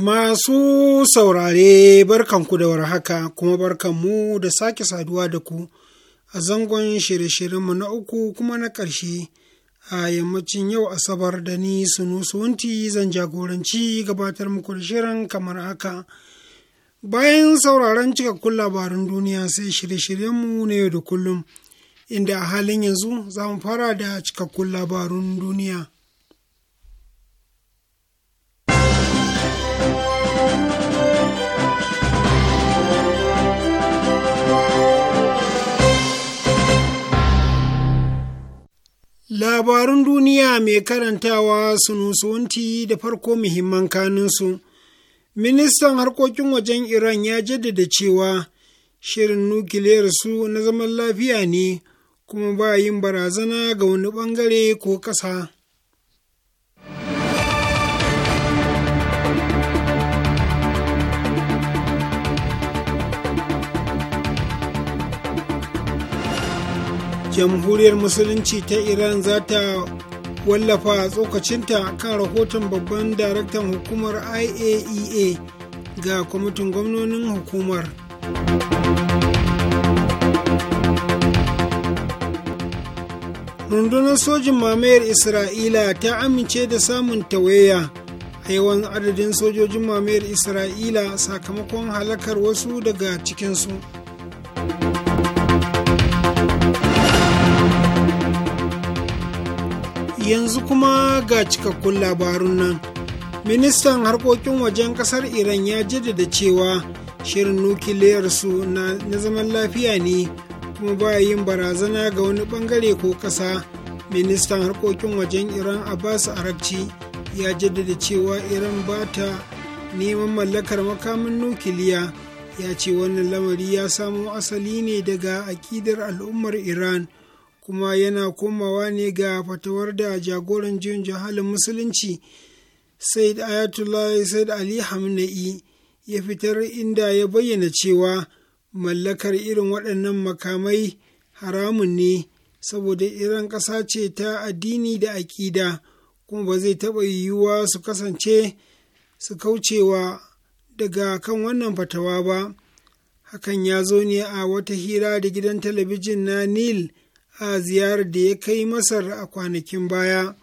Masu saurare barkanku da warhaka kuma barkanmu da sake saduwa da ku a zangon shirye-shiryenmu na uku kuma na ƙarshe a yammacin yau Asabar da ni sunusunti zan jagoranci gabatar muku da shirin kamar haka. Bayan sauraron cikakkun labarin duniya sai shirye-shiryenmu na yau da kullum, inda a halin yanzu za mu fara da cikakkun labarun duniya. Labarun duniya mai karantawa sunusunti da farko muhimman kanunsu. Ministan harkokin wajen Iran ya jaddada cewa shirin nukiliyar su na zaman lafiya ne kuma ba yin barazana ga wani bangare ko ƙasa. jamhuriyar musulunci ta iran za ta wallafa tsokacinta kan rahoton babban daraktan hukumar iaea e ga kwamitin gwamnonin hukumar rundunar sojin mamayar isra'ila ta amince da samun tawaya a yawan adadin sojojin mamayar isra'ila sakamakon halakar wasu daga cikinsu. yanzu kuma ga cikakkun labarun nan ministan harkokin wajen kasar iran ya jaddada cewa shirin nukiliyarsu na zaman lafiya ne kuma ba yin barazana ga wani bangare ko kasa ministan harkokin wajen iran abbas arabci ya jaddada cewa iran ba ta neman mallakar makamin nukiliya ya ce wannan lamari ya samo asali ne daga akidar al'ummar iran kuma yana komawa ne ga fatawar da jagoran jin jahalin musulunci said ayatollah said ali hamna'i ya fitar inda ya bayyana cewa mallakar irin waɗannan makamai haramun ne saboda iran ƙasa ce ta addini da aƙida kuma ba zai taɓa yiwuwa su kasance su kaucewa daga kan wannan fatawa ba hakan ya zo ne a wata hira da gidan talabijin na nil a ziyarar da ya kai masar a kwanakin baya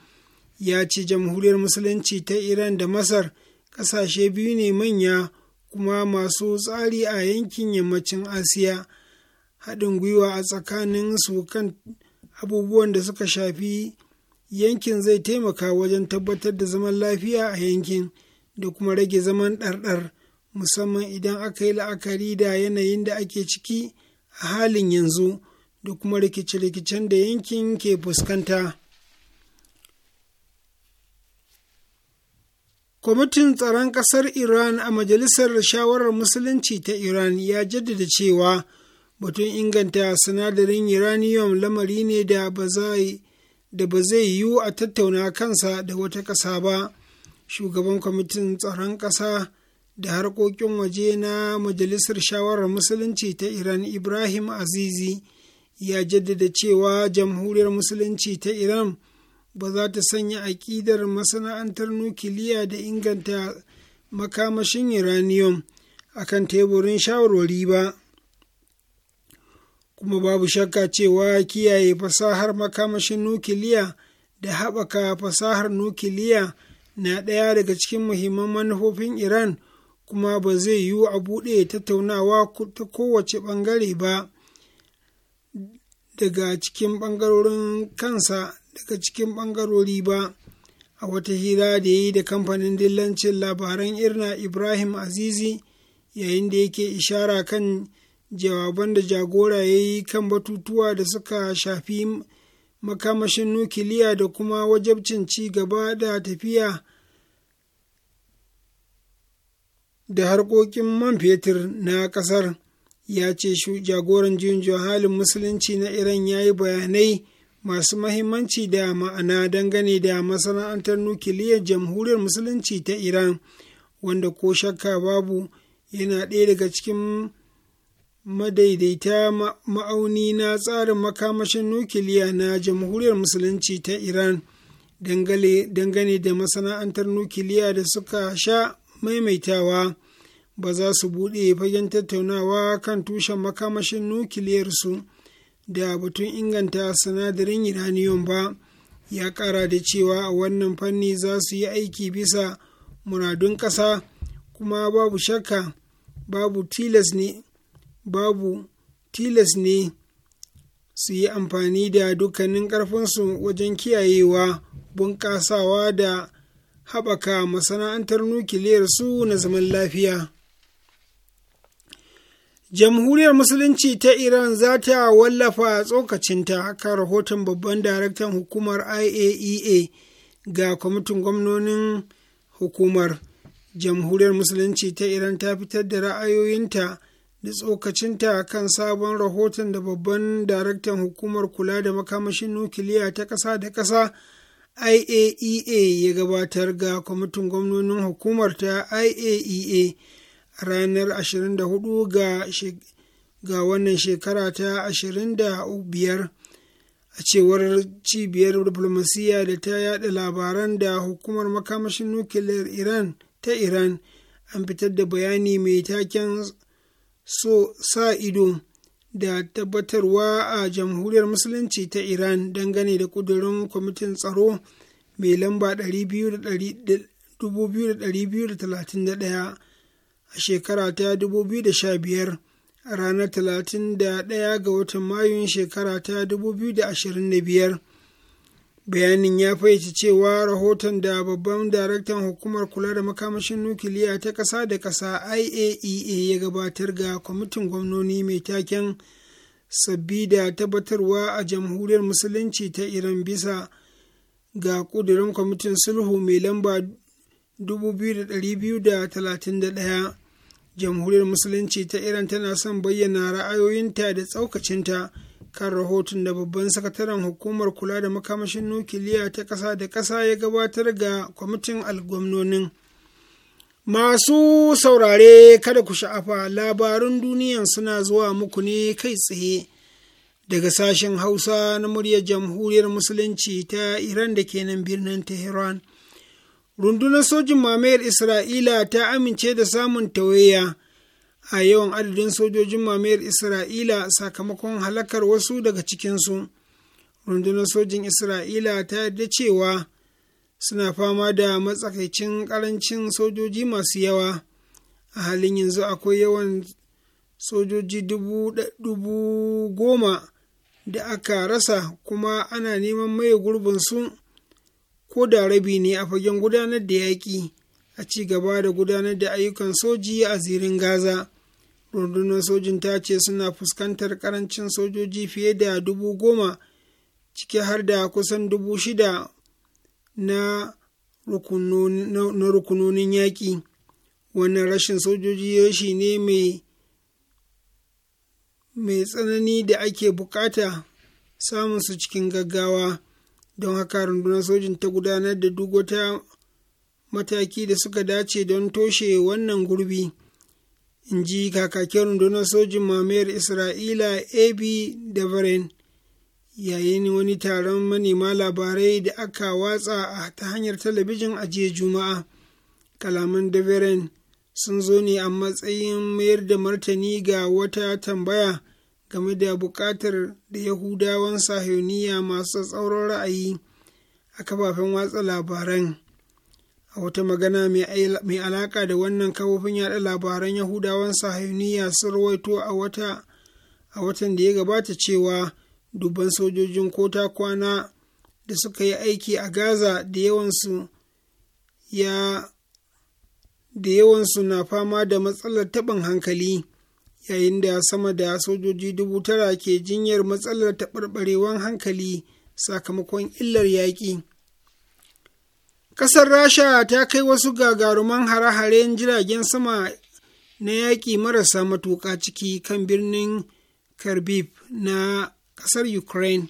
ya ce jamhuriyar musulunci ta iran da masar ƙasashe biyu ne manya kuma masu tsari a yankin yammacin asiya haɗin gwiwa a tsakanin su kan abubuwan da suka shafi yankin zai taimaka wajen tabbatar da zaman lafiya a yankin da kuma rage zaman ɗarɗar musamman idan aka yi la'akari da yanayin da ake ciki a halin yanzu da kuma rikice-rikicen da yankin ke fuskanta. Kwamitin Tsaron Ƙasar Iran a Majalisar Shawarar Musulunci ta Iran ya jaddada cewa batun inganta sinadarin uranium lamari ne da ba zai yiwu a tattauna kansa da wata ƙasa ba. Shugaban Kwamitin Tsaron Ƙasa da harkokin waje na Majalisar Shawarar Musulunci ta Iran Ibrahim Azizi. ya jaddada cewa jamhuriyar musulunci ta iran ba za ta sanya aƙidar masana'antar nukiliya da inganta makamashin uranium a kan teburin shawarwari ba kuma babu shakka cewa kiyaye fasahar makamashin nukiliya da haɓaka fasahar nukiliya na ɗaya daga cikin muhimman manufofin iran kuma ba zai yiwu a buɗe tattaunawa ta kowace ɓangare ba daga cikin ɓangarorin kansa daga cikin ɓangarori ba a wata hira da ya yi da kamfanin dillancin labaran irna ibrahim azizi yayin da yake ishara kan jawaban da jagora ya yi kan batutuwa da suka shafi makamashin nukiliya da kuma wajabcin ci gaba da tafiya da harkokin man fetur na ƙasar ya ce jagoran juyin halin musulunci na iran ya yi bayanai masu mahimmanci da ma'ana dangane da masana'antar nukiliyar jamhuriyar musulunci ta iran wanda ko shakka babu yana ɗaya daga cikin madaidaita ma'auni na tsarin makamashin nukiliya na jamhuriyar musulunci ta iran dangane da masana'antar nukiliya da suka sha maimaitawa ba za su buɗe fagen tattaunawa kan tushen makamashin nukiliyarsu da batun inganta sinadarin uranium ba ya ƙara da cewa a wannan fanni za su yi aiki bisa muradun ƙasa kuma babu shakka babu tilas ne babu tilas ne su yi amfani da dukkanin ƙarfinsu wajen kiyayewa bunƙasawa da haɓaka masana'antar nukiliyar su na zaman lafiya. jamhuriyar musulunci ta iran za ta wallafa tsokacinta kan rahoton babban daraktan hukumar iaea e ga kwamitin gwamnonin hukumar jamhuriyar musulunci ta iran ta fitar da ra'ayoyinta da tsokacinta kan sabon rahoton da babban daraktan hukumar kula da makamashin nukiliya ta ƙasa da ƙasa iaea e ya gabatar ga kwamitin gwamnonin hukumar ta iaea e ranar 24 ga ga wannan shekara ta 25 a cewar cibiyar diflomasiyya da ta yada labaran da hukumar makamashin nukiliyar iran ta iran an fitar da bayani mai taken so sa ido da tabbatarwa a jamhuriyar musulunci ta iran dangane da kudurin kwamitin tsaro mai lamba ɗaya. a shekara ta 2015 a ranar 31 ga watan mayun shekara ta 2025 bayanin ya fahimci cewa rahoton da babban daraktan hukumar kula da makamashin nukiliya ta ƙasa da ƙasa iaea e ya gabatar ga kwamitin gwamnoni mai taken sabbi da tabbatarwa a jamhuriyar musulunci ta iran bisa ga ƙudurin kwamitin sulhu mai lamba 2231 jamhuriyar musulunci ta iran tana son bayyana ra'ayoyinta da tsaukacinta kan rahoton da babban sakataren hukumar kula da makamashin nukiliya ta ƙasa da ƙasa ya gabatar ga kwamitin algwamnonin masu saurare kada ku sha'afa labarun duniyan suna zuwa muku ne kai tsaye daga sashen hausa na muryar jamhuriyar musulunci ta iran da ke nan birnin tehran rundunar sojin mamayar isra'ila ta amince da samun tawayya a yawan adadin sojojin mamayar isra'ila sakamakon halakar wasu daga cikinsu rundunar sojin isra'ila ta yarda cewa suna fama da matsakaicin karancin sojoji masu yawa a halin yanzu akwai yawan sojoji dubu goma da aka rasa kuma ana neman maye gurbinsu ko da rabi ne a fagen gudanar da yaƙi a ci gaba da gudanar da ayyukan soji a zirin gaza rundunar sojin ta ce suna fuskantar karancin sojoji fiye da dubu goma ciki har da kusan dubu shida na rukunonin yaƙi wannan rashin sojoji shi ne mai tsanani da ake bukata su cikin gaggawa don haka rundunar sojin ta gudanar da duk wata mataki da suka dace don toshe wannan gurbi in ji kakakin rundunar sojin mamayar isra'ila ab varen yayin wani taron manema labarai da aka watsa ta hanyar talabijin a jiya juma'a kalaman varen sun zo ne a matsayin mayar da martani ga wata tambaya game da buƙatar da yahudawan sahiyoniya masu tsauran ra'ayi a kafafen watsa labaran a wata magana mai alaƙa da wannan kafofin yaɗa labaran yahudawan sahiyoniya sun rawaito a wata a watan da ya gabata cewa dubban sojojin kota kwana da suka yi aiki a gaza da yawansu ya da yawansu na fama da matsalar taɓin hankali yayin da sama da sojoji dubu tara ke jinyar matsalar taɓarɓarewan hankali sakamakon illar yaƙi. Ƙasar Rasha ta kai wasu gagaruman hare-haren jiragen sama na yaƙi marasa matuƙa ciki kan birnin karbib na ƙasar Ukraine.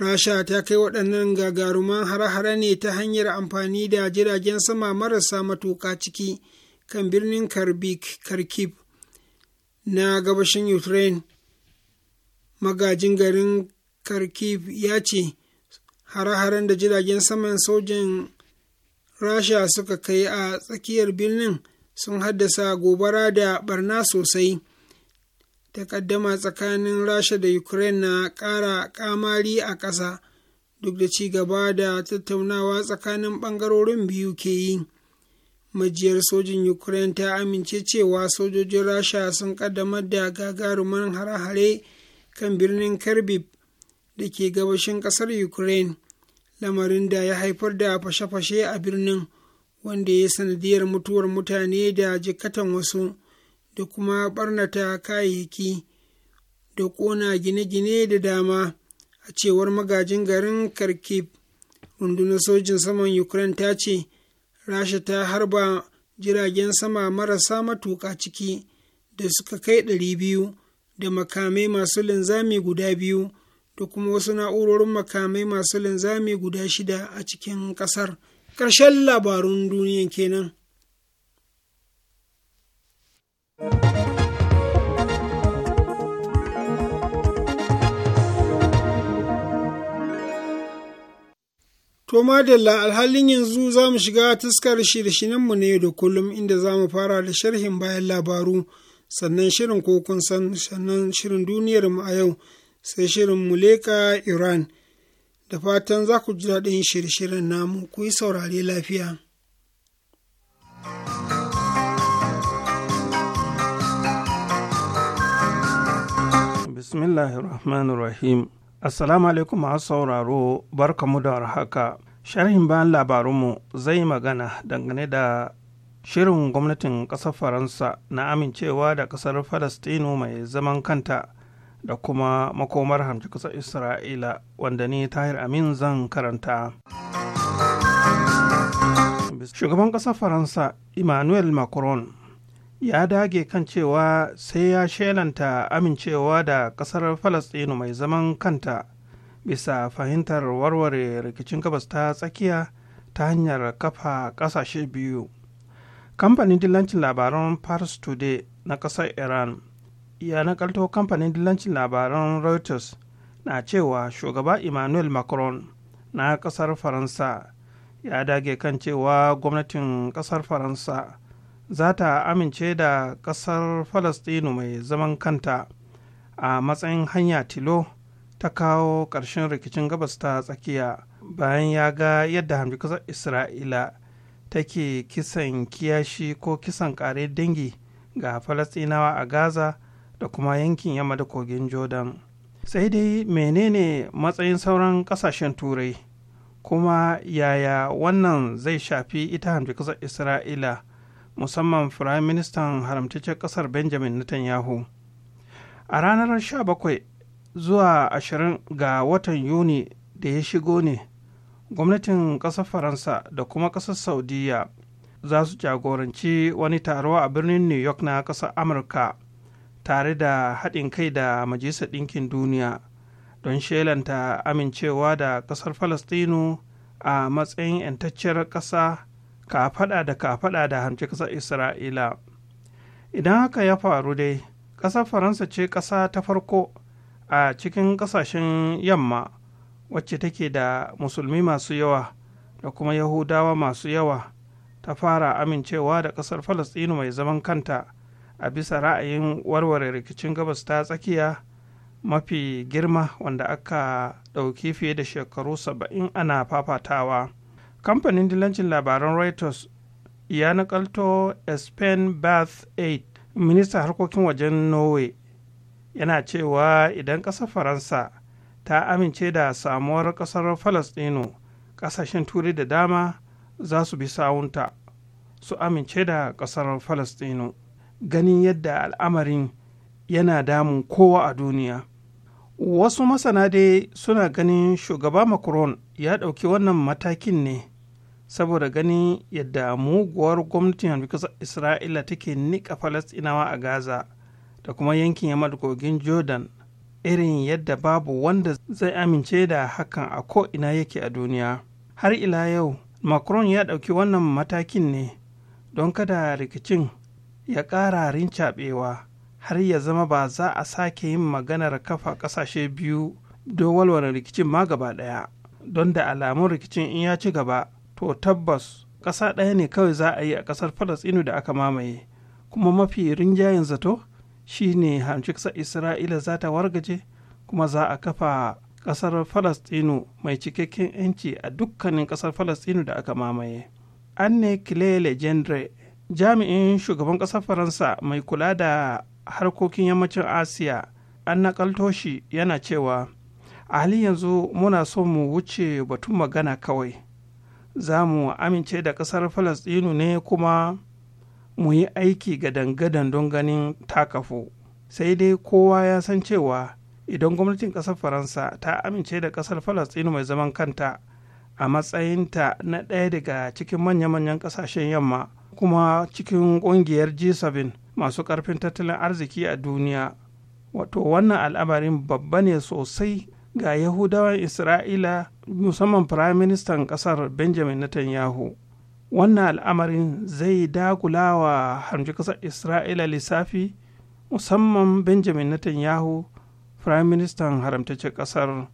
Rasha ta kai waɗannan gagaruman hare-hare ne ta hanyar amfani da jiragen sama marasa matuƙa ciki kan birnin Kharkiv na gabashin ukraine magajin garin kharkiv ya ce hare-haren da jiragen saman sojin rasha suka kai a tsakiyar birnin sun haddasa gobara da barna sosai takaddama tsakanin rasha da ukraine na ƙara kamari a ƙasa duk da ci gaba da tattaunawa tsakanin ɓangarorin biyu ke yi majiyar sojin ukraine ta amince cewa sojojin rasha sun kaddamar da gagarumin hare-hare kan birnin karbib da ke gabashin kasar ukraine lamarin da ya haifar da fashe-fashe a birnin wanda ya sanadiyar mutuwar mutane da jikatan wasu da kuma barnata kayayyaki da kona gine-gine da dama a cewar magajin garin kharkiv rundunar sojin saman ukraine ta ce rasha ta harba jiragen sama marasa matuƙa ciki da suka kai ɗari biyu da makamai masu linzami guda biyu da kuma wasu na'urorin makamai masu linzami guda shida a cikin ƙasar ƙarshen labarun duniya kenan. To madalla alhalin yanzu za mu shiga taskar shirye-shiryenmu ne da kullum inda za mu fara da sharhin bayan labaru sannan shirin kokun san sannan shirin duniyar mu a yau sai shirin muleka Iran da fatan za ku ji daɗin shirye-shiryen namu ku yi saurare lafiya. Bismillahirrahmanirrahim. Assalamu alaikum masu sauraro barkamu da haka Sharhin bayan labarunmu zai magana dangane da shirin gwamnatin ƙasar Faransa na amincewa da ƙasar Falastinu mai zaman kanta da kuma makomar hamci ƙasar Isra'ila wanda ni Tahir Amin zan karanta. Shugaban ƙasar Faransa Emmanuel Macron ya dage kan cewa sai ya shelanta amincewa da ƙasar falastinu mai zaman kanta bisa fahimtar warware rikicin gabas ta tsakiya ta hanyar kafa ƙasashe biyu kamfanin dillancin labaran Paris today na ƙasar iran ya nakalto kamfanin dillancin labaran reuters na cewa shugaba emmanuel macron na ƙasar faransa ya dage kan cewa gwamnatin ƙasar faransa za ta amince da ƙasar falastinu mai zaman kanta a matsayin hanya tilo ta kawo ƙarshen rikicin gabas ta tsakiya bayan ya ga yadda hamdi ƙasar isra'ila take kisan kiyashi ko kisan ƙare dangi ga falastinawa a gaza da kuma yankin yamma da kogin jordan sai dai menene matsayin sauran ƙasashen turai kuma yaya wannan zai shafi ita hamdi ƙasar isra'ila musamman firayim ministan haramtaccen kasar benjamin netanyahu a ranar 17 zuwa 20 ga watan yuni da ya shigo ne gwamnatin kasar faransa da kuma kasar saudiya za su jagoranci wani taro a birnin new york na kasar amurka tare da haɗin kai da majalisar ɗinkin duniya don shelanta amincewa da kasar falastinu a matsayin 'yantacciyar ƙasa Ka faɗa da ka faɗa da hanci ƙasar isra'ila idan haka ya faru dai ƙasar faransa ce ƙasa ta farko a cikin ƙasashen yamma wacce take da musulmi masu yawa da kuma yahudawa masu yawa ta fara amincewa da ƙasar Falasɗinu mai zaman kanta a bisa ra'ayin warware rikicin gabas ta tsakiya mafi girma wanda aka ɗauki fiye da shekaru saba'in ana fafatawa kamfanin dilancin labaran reuters ya nakalto spain bath 8 Minista harkokin wajen norway yana cewa idan ƙasar faransa ta amince da samuwar ƙasar falastino ƙasashen turai da dama za su bi sawunta su amince da ƙasar falastino ganin yadda al'amarin yana damun kowa a duniya wasu masana dai suna ganin shugaba macron ya ɗauki wannan matakin ne saboda ganin yadda muguwar gwamnatin hamdukasar isra'ila take nika falastinawa a gaza da kuma yankin yamma kogin jordan irin yadda babu wanda zai amince da hakan a ko ina yake a duniya har ila yau macron ya ɗauki wannan matakin ne don kada rikicin ya ƙara rincaɓewa har ya zama ba za a sake yin maganar kafa ƙasashe biyu don walwala rikicin ma gaba ɗaya don da alamun rikicin in ya ci gaba to tabbas ƙasa ɗaya ne kawai za a yi a ƙasar falasɗinu da aka mamaye kuma mafi rinjayen zato shine hamshiksa isra'ila za ta wargaje kuma za a kafa ƙasar falasɗinu mai cikakken 'yanci a dukkanin ƙasar falasɗinu da aka mamaye anne kilele gendre jami'in shugaban ƙasar faransa mai kula da harkokin yammacin asiya an nakalto shi yana cewa a halin yanzu muna so mu wuce batun magana kawai za mu amince da ƙasar falastinu ne kuma mu yi aiki ga gadan don ganin takafo sai dai kowa ya san cewa idan gwamnatin ƙasar faransa ta amince da ƙasar falastinu mai zaman kanta a matsayinta na ɗaya daga cikin manya-manyan ƙasashen yamma kuma cikin ƙungiyar g7 masu ƙarfin tattalin arziki a duniya wato wannan al'amarin babba ne sosai ga yahudawan isra'ila musamman firaministan ƙasar benjamin netanyahu wannan al'amarin zai dakula wa harmci ƙasar isra'ila lissafi musamman benjamin netanyahu firaministan haramtaccen ƙasar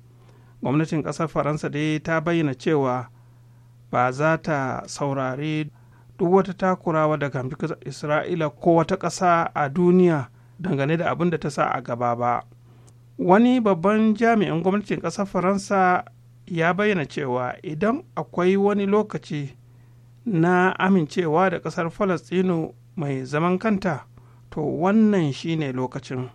gwamnatin ƙasar faransa dai ta bayyana cewa ba za ta saurari duk wata takurawa daga ƙasar isra'ila ko wata ƙasa a duniya dangane da abin da ta sa a gaba ba wani babban jami'in gwamnatin ƙasar faransa ya bayyana cewa idan akwai wani lokaci na amincewa da ƙasar falastinu mai zaman kanta to wannan shine lokacin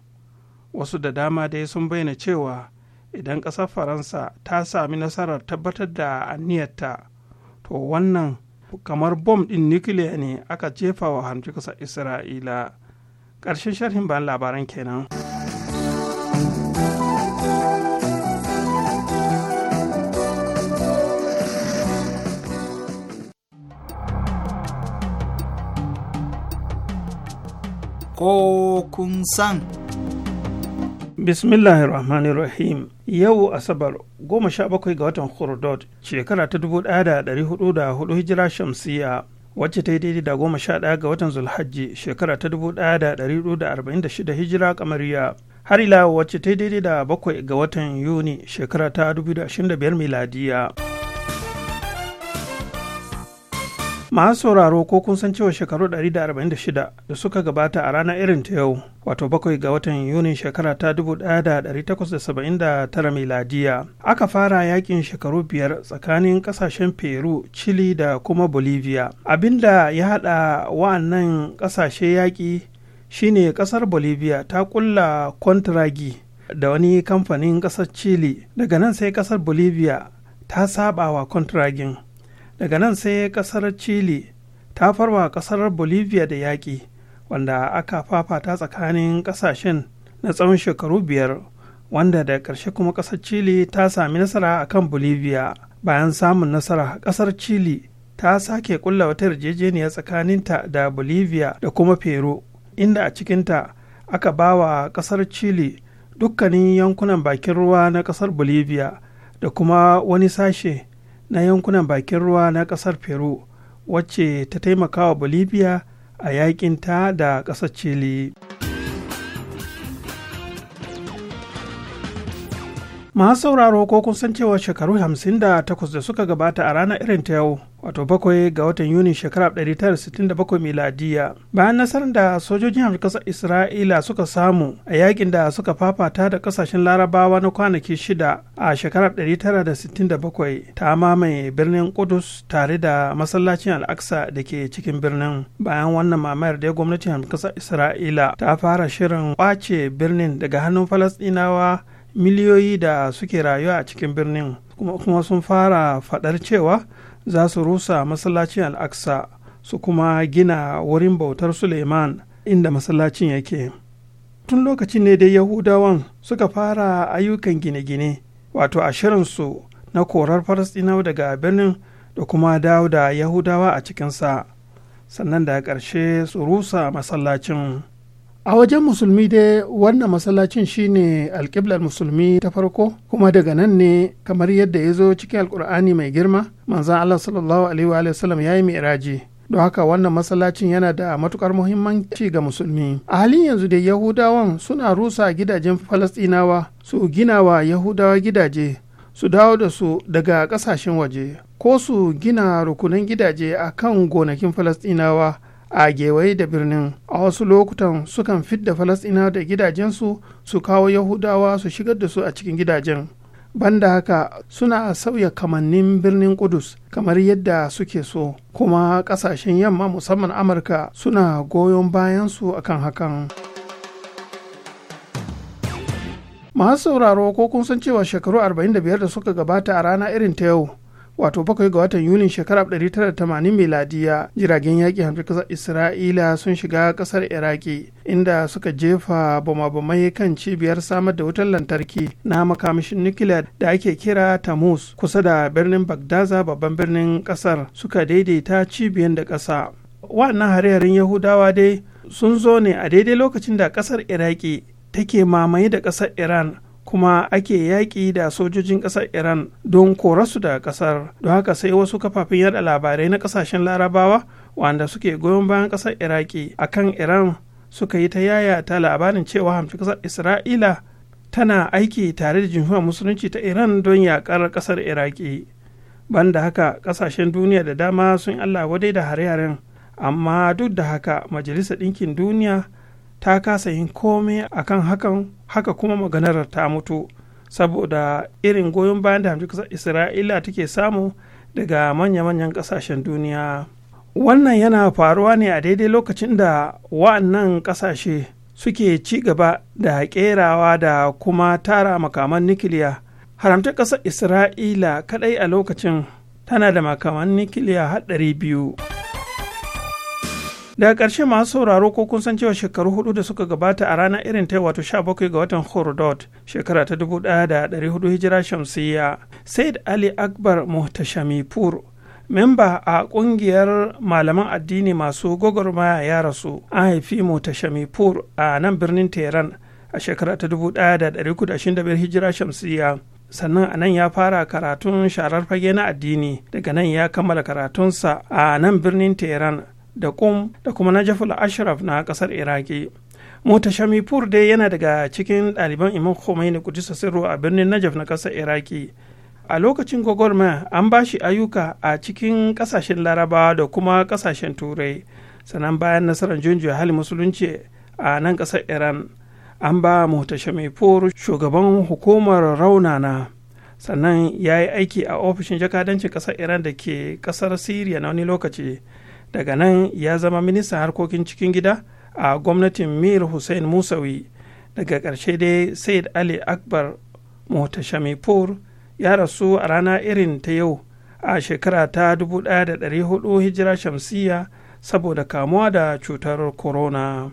wasu da dama dai sun bayyana cewa idan ƙasar faransa ta sami nasarar tabbatar da aniyarta to wannan kamar bom ɗin nukiliya ne aka jefa wa hamci ƙasar isra'ila ƙarshen sharhin bayan labaran kenan. ko kun san. Bismillahirrahmanirrahim yau Asabar goma sha bakwai ga watan Hurdod shekara ta dubu ɗaya da ɗari hudu da hudu hijira shamsiya wacce ta yi daidai da goma sha ɗaya ga watan Zulhajji shekara ta dubu ɗaya da ɗari hudu da arba'in da shida hijira kamariya har ila wacce ta yi daidai da bakwai ga watan Yuni shekara ta dubu da ashirin da biyar miladiya. masu sauraro ko kun san cewa shekaru 146 da suka gabata a ranar irin ta yau wato bakwai ga watan yunin shekara ta 1879 miladiya aka fara yakin shekaru biyar tsakanin kasashen peru chile da kuma bolivia abinda ya hada wa'annan kasashe yaki shine kasar bolivia ta kulla kontragi da wani kamfanin kasar chile daga nan sai kasar bolivia ta saba wa kontragin daga nan sai kasar chile ta farwa kasar bolivia da yaƙi wanda aka fafata tsakanin ƙasashen na tsawon shekaru biyar wanda da ƙarshe kuma ƙasar chile ta sami nasara a kan bolivia bayan samun nasara ƙasar chile ta sake kulla wata yarjejeniya tsakaninta da bolivia da kuma peru inda a cikinta aka ba wa ƙasar chile dukkanin yankunan bakin ruwa na ƙasar bolivia da kuma wani sashe na yankunan bakin ruwa na kasar peru wacce ta taimaka wa bolivia a yakinta da ƙasar chile masu sauraro ko kun san cewa shekaru 58 da suka gabata a ranar irin ta yau wato bakwai ga watan yuni shekarar 1967 miladiya bayan nasarar da sojojin amurkasar isra'ila suka samu a yakin da suka fafata da kasashen larabawa na kwanaki shida a shekarar 1967 ta mamaye birnin kudus tare da masallacin al'aksa da ke cikin birnin bayan wannan mamayar da gwamnatin amurkasar isra'ila ta fara shirin kwace birnin daga hannun falasɗinawa miliyoyi da suke rayuwa a cikin birnin kuma sun fara fadar cewa za su rusa masallacin al'aksa su kuma gina wurin bautar suleiman inda masallacin yake tun lokacin ne dai yahudawan suka fara ayyukan gine-gine wato ashirinsu na korar falasɗinawa daga birnin da kuma dawo da yahudawa a cikinsa sannan da ƙarshe su rusa masallacin a wajen musulmi dai wannan masallacin shine alƙiblar musulmi ta farko kuma daga nan ne kamar yadda ya zo cikin Alƙur'ani mai girma manzan allah sallallahu alaihi wa sallam ya yi mi'raji don haka wannan masallacin yana da matukar muhimmanci ga musulmi a halin yanzu da yahudawan suna rusa gidajen falastinawa su gina wa yahudawa gidaje su dawo da su daga kasashen waje ko su gina rukunan gidaje a kan gonakin falastinawa a gewaye da birnin a wasu lokutan sukan fidda falasɗinawa da gidajensu su kawo yahudawa su shigar da su a cikin gidajen banda haka suna sauya kamannin birnin kudus kamar yadda suke so kuma kasashen yamma musamman amurka suna goyon bayansu akan hakan masu sauraro ko kun san cewa shekaru 45 da suka gabata a rana irin ta yau wato bakwai ga watan yulin shekarar 1980 miladiya jiragen yaƙi hamsin ƙasar isra'ila sun shiga ƙasar iraki inda suka jefa bama-bamai kan cibiyar samar da wutar lantarki na makamashin nukiliya da ake kira tamus kusa da birnin bagdaza babban birnin ƙasar suka daidaita cibiyar da ƙasa wannan hare-haren yahudawa dai sun zo ne a daidai lokacin da ƙasar iraki take mamaye da ƙasar iran kuma ake yaƙi da sojojin ƙasar iran don korasu da ƙasar don haka sai wasu kafafen yada labarai na ƙasashen larabawa wanda suke goyon bayan ƙasar iraki kan iran suka yi ta yaya ta labarin cewa hamci ƙasar isra'ila tana aiki tare da jimhuriyar musulunci ta iran don yaƙar ƙasar iraki banda haka ƙasashen duniya da dama sun allah wadai da hare-haren amma duk da haka majalisar ɗinkin duniya ta kasa yin komai a kan hakan haka kuma maganar ta mutu saboda irin goyon bayan da hamdu isra'ila take samu daga manya-manyan kasashen duniya wannan yana faruwa ne a daidai lokacin da wa'annan ƙasashe suke ci gaba da kerawa da kuma tara makaman nikiliya haramta ƙasar isra'ila kadai a lokacin tana da makaman nikiliya har biyu. daga ƙarshe masu sauraro ko kun san cewa shekaru hudu da suka gabata a ranar irin ta wato 17 ga watan hordod shekara ta 1400 hijira shamsiyya said ali akbar muhtashamipur memba a kungiyar malaman addini masu gwagwarmaya ya rasu an haifi muhtashamipur a nan birnin tehran a shekara ta 1925 hijira shamsiyya sannan a nan ya fara karatun sharar fage na addini daga nan ya kammala karatunsa a nan birnin tehran da kum da kuma najaful ashraf na kasar iraki shamipur dai yana daga cikin ɗaliban imam khomeini kudisa sirru a birnin najaf na kasar iraki a lokacin gwagwarmaya an ba shi ayyuka a cikin kasashen larabawa da kuma kasashen turai sannan bayan nasarar junjiya hali musulunci a nan kasar iran an ba mota shamipur shugaban hukumar raunana sannan ya yi aiki a ofishin jakadancin kasar iran da ke kasar siriya na wani lokaci daga nan ya zama ministan harkokin cikin gida a gwamnatin mir hussein musawi daga ƙarshe dai said ali akbar muhtashamipur ya rasu a rana irin ta yau a shekara ta 1400 hijira shamsiya saboda kamuwa da cutar corona.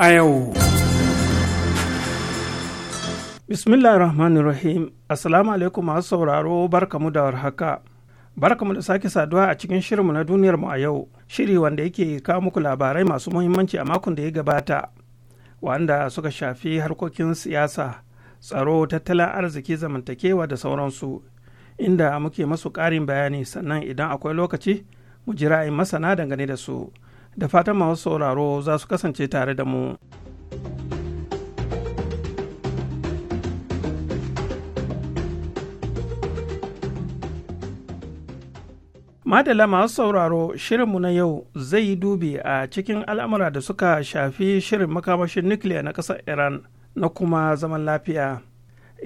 a yau. rahim Assalamu alaikum masu sauraro barkamu da warhaka. mu da sake saduwa a cikin shirinmu na mu a yau, shiri wanda yake kawo muku labarai masu muhimmanci a makon da ya gabata, wanda suka shafi harkokin siyasa, tsaro, tattalin arziki, zamantakewa da sauransu, inda muke masu ƙarin bayani sannan idan akwai lokaci, mu ji ra'ayin masana dangane da su. da fatan masu sauraro za su kasance tare da mu. Madala masu sauraro shirinmu na yau zai yi dubi a cikin al'amura da suka shafi shirin makamashin nukiliya na ƙasar Iran na kuma zaman lafiya,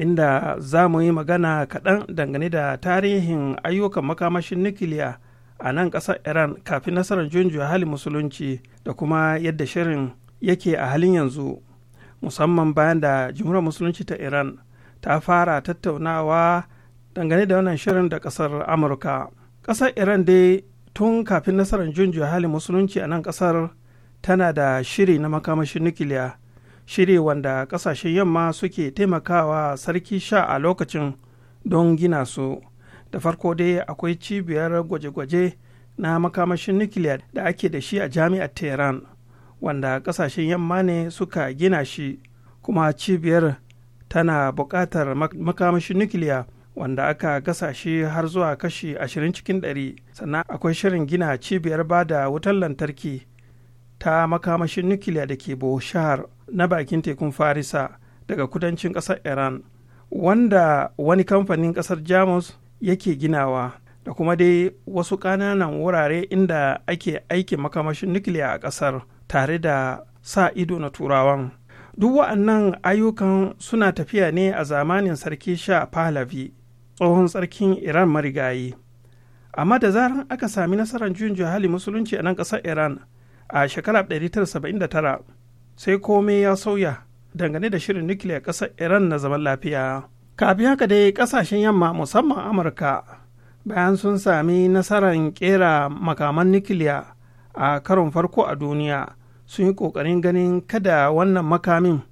inda za mu yi magana kaɗan dangane da tarihin ayyukan makamashin nukiliya a nan ƙasar iran kafin nasarar junjiya halin musulunci da kuma yadda shirin yake a halin yanzu musamman bayan da jimura musulunci ta iran ta fara tattaunawa dangane da wannan shirin da ƙasar amurka ƙasar iran dai tun kafin nasarar junjiya halin musulunci a nan ƙasar tana da shiri na makamashin nukiliya shiri wanda ƙasashen yamma suke taimakawa sarki sha a lokacin don gina su da farko dai akwai cibiyar gwaje-gwaje na makamashin nukiliya da ake da shi a jami'ar tehran wanda kasashen yamma ne suka gina shi kuma cibiyar tana buƙatar makamashin nukiliya wanda aka gasa shi har zuwa kashi ashirin cikin 100 sannan akwai shirin gina cibiyar bada wutar lantarki ta makamashin nukiliya da ke bohshar na bakin tekun farisa daga kudancin ƙasar iran wanda wani kamfanin ƙasar jamus yake ginawa da kuma dai wasu ƙananan wurare inda ake aikin makamashin nukiliya a ƙasar tare da sa ido na turawan duk wa'annan ayyukan suna tafiya ne a zamanin sarki sha pahlavi tsohon sarkin iran marigayi amma da zarar aka sami nasarar juyin juhali musulunci a nan ƙasar iran a shekarar 1979 sai komai ya sauya dangane da shirin nukiliya ƙasar iran na zaman lafiya kafin haka dai kasashen yamma musamman amurka bayan sun sami nasarar kera makaman nukiliya a karon farko a duniya sun yi ƙoƙarin ganin kada wannan makamin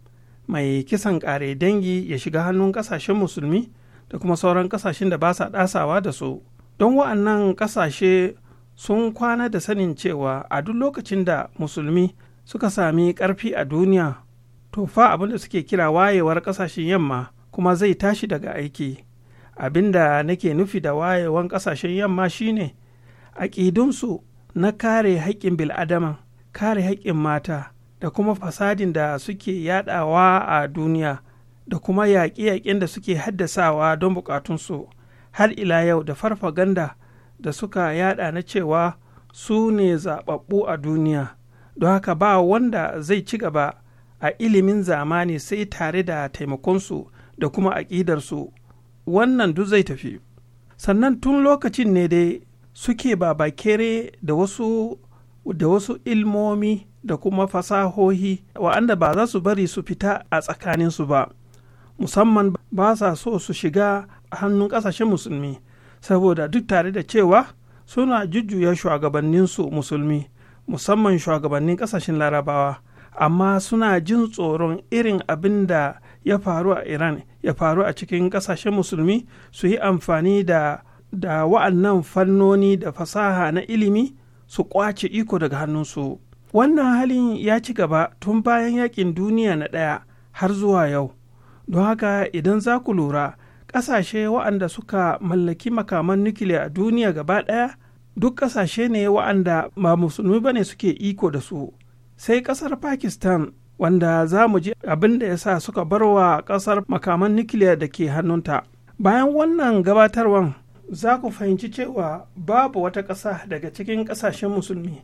mai kisan ƙare dangi ya shiga hannun ƙasashen musulmi da kuma sauran ƙasashen da ba sa ɗasawa da su don wa'annan ƙasashe sun kwana da sanin cewa a duk lokacin da musulmi suka sami ƙarfi a duniya to fa abin da suke kira wayewar ƙasashen yamma kuma zai tashi daga aiki abinda nake nufi da wayewan ƙasashen yamma shine aƙidunsu na kare haƙƙin bil'adama kare haƙƙin mata da kuma fasadin da suke yadawa a duniya da kuma yaƙi-yaƙin da suke haddasawa don buƙatunsu har ila yau da farfaganda da suka yada na cewa su ne zaɓaɓɓu a duniya don haka ba wanda zai ci gaba a ilimin zamani sai tare da taimakonsu da kuma aƙidarsu wannan duk zai tafi sannan tun lokacin ne dai suke babakere da wasu da wasu ilmomi da kuma fasahohi wa'anda ba za su bari su fita a tsakaninsu ba musamman ba sa so su shiga a hannun ƙasashen musulmi saboda duk tare da cewa suna jujjuya shugabanninsu musulmi musamman shugabannin ƙasashen larabawa amma suna jin tsoron irin abin da ya faru a iran ya faru a cikin kasashen musulmi su yi amfani da da wa'annan fannoni da fasaha na ilimi su kwace iko daga hannunsu wannan halin ya ci gaba tun bayan yakin duniya na ɗaya har zuwa yau don haka idan za ku lura ƙasashe wa'anda suka mallaki makaman nukiliya a duniya gaba ɗaya duk ƙasashe ne wa'anda ba musulmi bane suke iko da su sai ƙasar pakistan wanda za mu ji abin da ya sa suka bar wa ƙasar makaman nukiliya da ke hannunta bayan wannan gabatarwan za ku fahimci cewa babu wata ƙasa daga cikin ƙasashen musulmi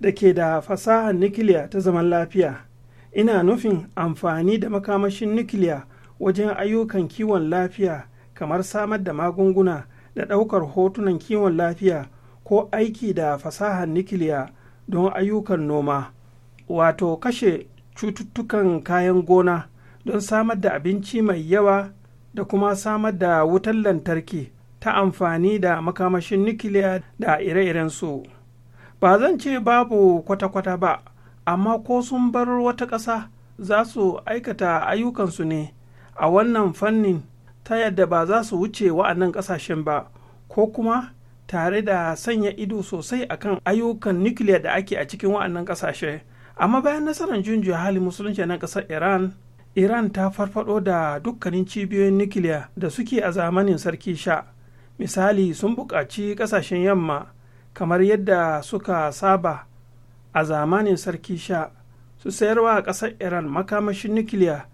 da ke da fasahar nukiliya ta zaman lafiya ina nufin amfani da makamashin nukiliya wajen ayyukan kiwon lafiya kamar samar da magunguna da ɗaukar hotunan kiwon lafiya ko aiki da fasahar nukiliya don ayyukan noma wato kashe cututtukan kayan gona don samar da abinci mai yawa da kuma samar da wutar lantarki ta amfani da makamashin nukiliya da ire iren su ba zan ce babu kwata-kwata ba amma ko sun bar wata ƙasa za su aikata ayyukansu ne a wannan fannin ta yadda ba za su wuce wa'annan ƙasashen ba ko kuma tare da sanya ido sosai akan ayyukan nukiliya da ake a cikin wa'annan ƙasashe amma bayan nasarar junjiya hali musulunci na ƙasar iran iran ta farfado da dukkanin cibiyoyin nukiliya da suke a zamanin sarki sha misali sun buƙaci ƙasashen yamma kamar yadda suka saba a zamanin sarki sha su sayarwa a ƙasar iran makamashin nukiliya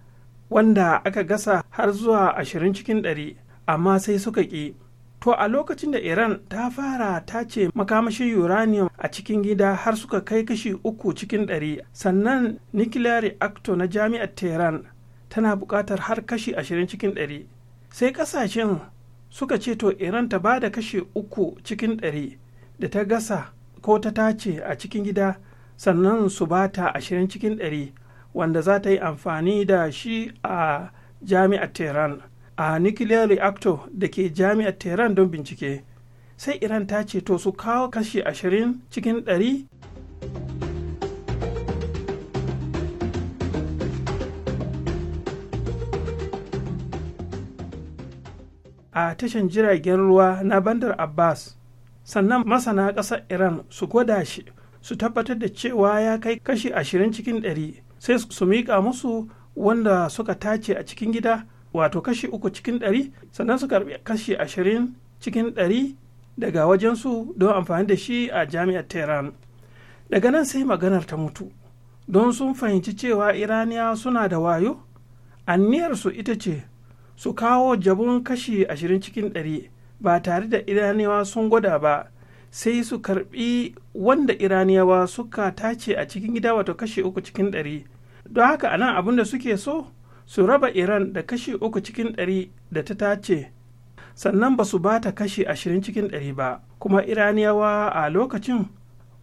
wanda aka gasa har zuwa ashirin cikin ɗari amma sai suka ƙi to a lokacin da iran ta fara ta ce makamashin uranium a cikin gida har suka kai kashi uku cikin ɗari sannan nuclear reactor na jami'ar tehran tana buƙatar har kashi ashirin cikin ɗari sai ƙasashen suka ce to iran ta ba da kashi uku cikin ɗari da ta gasa ko ta tace a cikin gida sannan su ba ta ashirin cikin ɗari wanda za ta yi amfani da shi a jami'ar tehran a nuclear reactor da ke jami'ar tehran don bincike sai iran ta ce to su kawo kashi 20 cikin 100 a tashan jiragen ruwa na bandar abbas sannan masana ƙasar iran su gwada shi su tabbatar da cewa ya kai kashi 20 cikin 100 sai su miƙa musu wanda suka tace a cikin gida wato kashi uku cikin ɗari sannan su karbi kashi ashirin cikin ɗari daga wajensu don amfani da shi a jami'ar tehran daga nan sai maganar ta mutu don sun fahimci cewa iraniya suna da wayo su ita ce su kawo jabun kashi ashirin cikin ɗari ba tare da iraniyawa sun gwada ba sai su karbi wanda iraniyawa suka tace a cikin gida wato kashi uku cikin ɗari don haka anan abin da suke so su raba iran da kashi uku cikin ɗari da ta tace sannan ba su ba ta kashi ashirin cikin ɗari ba kuma iraniyawa a lokacin